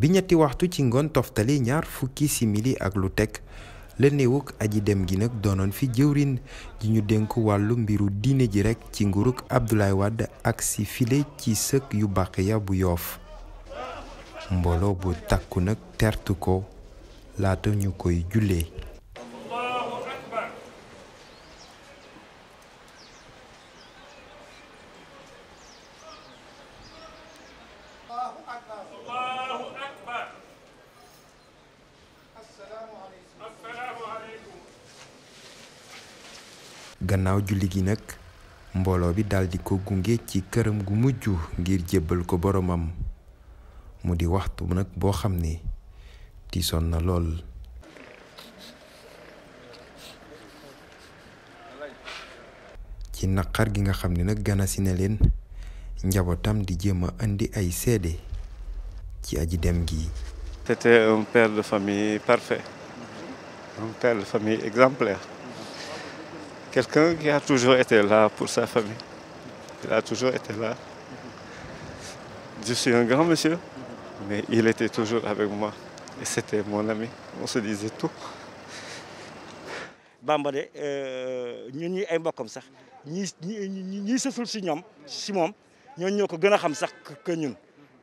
bi ñetti waxtu ci ngoon toftali ñaar fukki simili ak lu tek la néewuk aji dem gi nag doonoon fi jëwrin ji ñu dénk wàllu mbiru diine ji rekk ci nguuruk Abdoulaye Wade ak si file ci sëkk yu Baxiya bu Yoof mbooloo bu takku nag tert ko laata ñu koy jullee gannaaw julli gi nag mbooloo bi daldi ko gunge ci këram gu mujj ngir jébbal ko boromam mu di waxtu nag boo xam ne tiisoon na lool ci naqar gi nga xam ne nag ganasi leen di jéem a indi ay seede ci aji dem gi c'était un père de famille parfait un père de famille exemplaire quelqu'un qui a toujours été là pour sa famille. Il a toujours été là. Je suis un grand monsieur, mais il était toujours avec moi. Et c'était mon ami. On se disait tout. Bamba nous comme ça. Nous sommes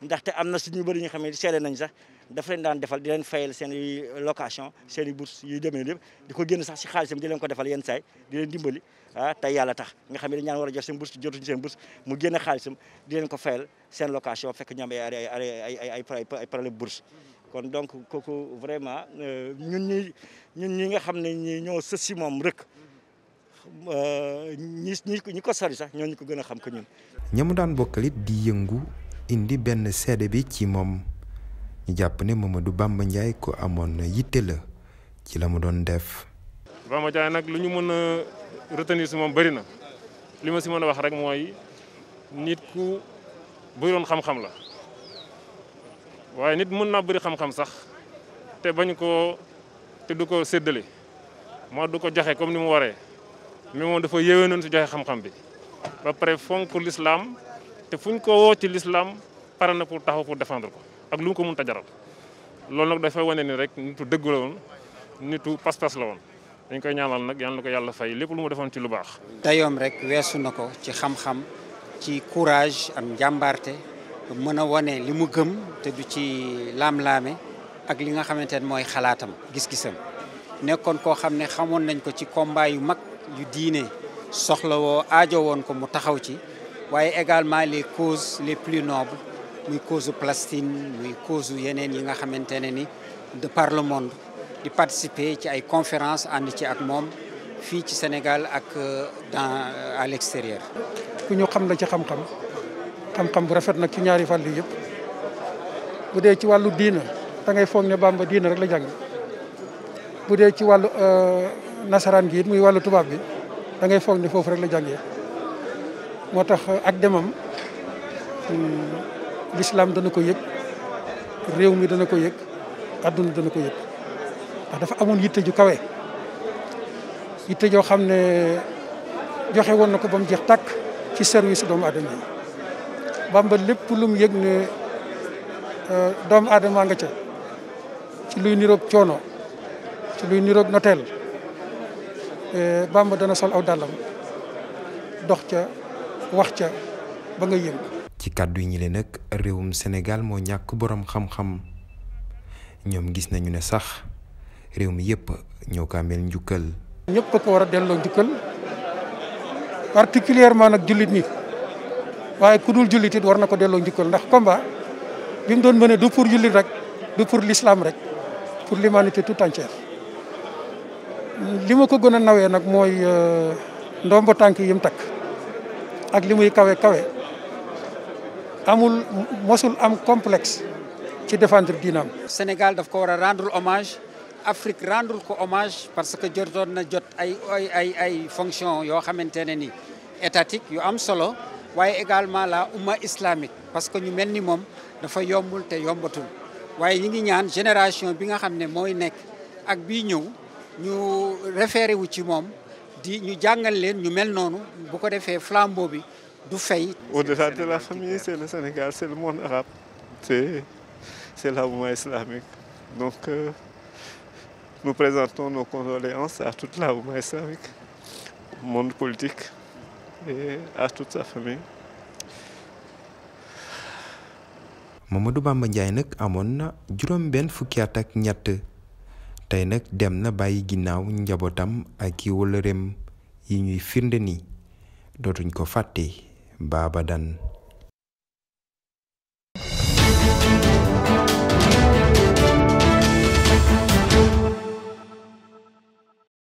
ndaxte am na si ñu bëri ñu xamee ne seede nañ sax dafa leen defal di leen fayal seen i location seen i bourse yu demee lépp di ko génn sax si xaalisam di leen ko defal yenn saay di leen dimbali ah tey yàlla tax nga xam ne dañu war a jox seen bourse jotuñu seen bourse mu génn xaalisam di leen ko fayal seen location fekk ñu am ay ay ay ay problème bourse kon donc kooku vraiment euh, ñun ñun ñi nga xam ne ñi ñoo sës si moom rek euh, ñi ñi ko sori sax ñoo ñu ko gën a xam que ñun. mu daan bokkalit di yëngu. indi benn seede bi ci moom ñu jàpp ne Mamadou Bamba njaay ko amoon na yitte la ci la mu doon def. Bamba Ndiaye nag lu ñu mën a retenir si moom bëri na li ma si mën a wax rek mooy nit ku bëriwoon xam la waaye nit mën naa bari xam-xam sax te bañ koo te du ko séddale moo du ko joxe comme ni mu waree mais moom dafa yéwénoon si joxe xam-xam bi ba pare fonk l'islam te fu ñu ko woo ci lislaam pare na pour taxaw pour défendre ko ak lu mu ko mënta jaral loolu nag dafay wane ni rek nitu dëgg la woon nitu pas-pas la woon dañ koy ñaanal nag yal ko yàlla fay lépp lu defoon ci lu baax. dayoom rek weesu na ko ci xam ci courage am njàmbaarte mën a wane li mu gëm te du ci laam-laame ak li nga xamante ne mooy xalaatam gis-gisam nekkoon ko xam ne xamoon nañ ko ci combat yu mag yu diine soxlawoo aajo woon ko mu taxaw ci. waye également les causes les plus nobles muy cause Palestine muy cause yenen yi nga xamantene ni de par le monde di participer ci ay conférences ànd ci ak mom fi ci Sénégal ak euh, dans euh, à l'extérieur. ku ñu xam la ci xam-xam xam-xam bu rafet nag ci ñaari fànn yëpp bu dé ci walu diina da ngay foog ne Bàmba diina rek la jang bu dé ci wàllu euh, nasaraan gi it muy walu tubab bi da ngay foog ne foofu rek la jangé moo tax ak demam hmm, lislaam dana ko yég réew mi dana ko yég adduna dana ko yég ndax dafa amoon yitte ju kawe yitte joo xam ne joxe woon na ko ba mu jeex tàkk ci service doomu aadama yi Bàmba lépp lu mu yég ne eh, doomu aadama nga ca ci luy niroog coono ci luy niroog noteel eh, Bàmba dana sol aw dàllam dox ca wax ca ba nga yëngu. ci kàddu yi ñi leen réewum Sénégal moo ñàkk boroom xam-xam ñoom gis nañu ne sax réew mi yëpp ñoo ko ameel njukkal. ñëpp ko war a delloo njukkal particulièrement nag jullit ñi waaye ku dul jullit war na ko delloo njukkal ndax combat bi mu doon mëne du pour jullit rek du pour lislaam rek pour l'humanité tout entière li ma ko gën a nawee nag mooy euh, ndombo tànk yi mu takk. ak li muy kawe kawe amul mosul am complexe ci défendre diinam Sénégal daf ko war a rendre hommage Afrique rendre ko hommage parce que jotoon na jot ay ay ay fonction yoo xamante ne ni étatique yu am solo waaye également la umma islamique parce que ñu mel ni moom dafa yombul te yombatul waaye ñi ngi ñaan génération bi nga xam ne mooy nekk ak bii ñëw ñu référé wu ci moom di ñu jàngal leen ñu mel noonu bu ko defee flambeau bi du fay. Au-delà de la famille c'est le Sénégal c'est le monde arabe c'est c'est la mouvement islamique donc euh, nous présentons nos condoléances à toute la mouvement islamique au monde politique et à toute sa famille. Mamadou Bamba Ndiaye nag amoon na juróom benn fukki at ak ñett. tey nag dem na bàyyi ginnaaw njabootam ak i wëllëreem yi ñuy firnde ni dootuñ ko fàtte baaba dan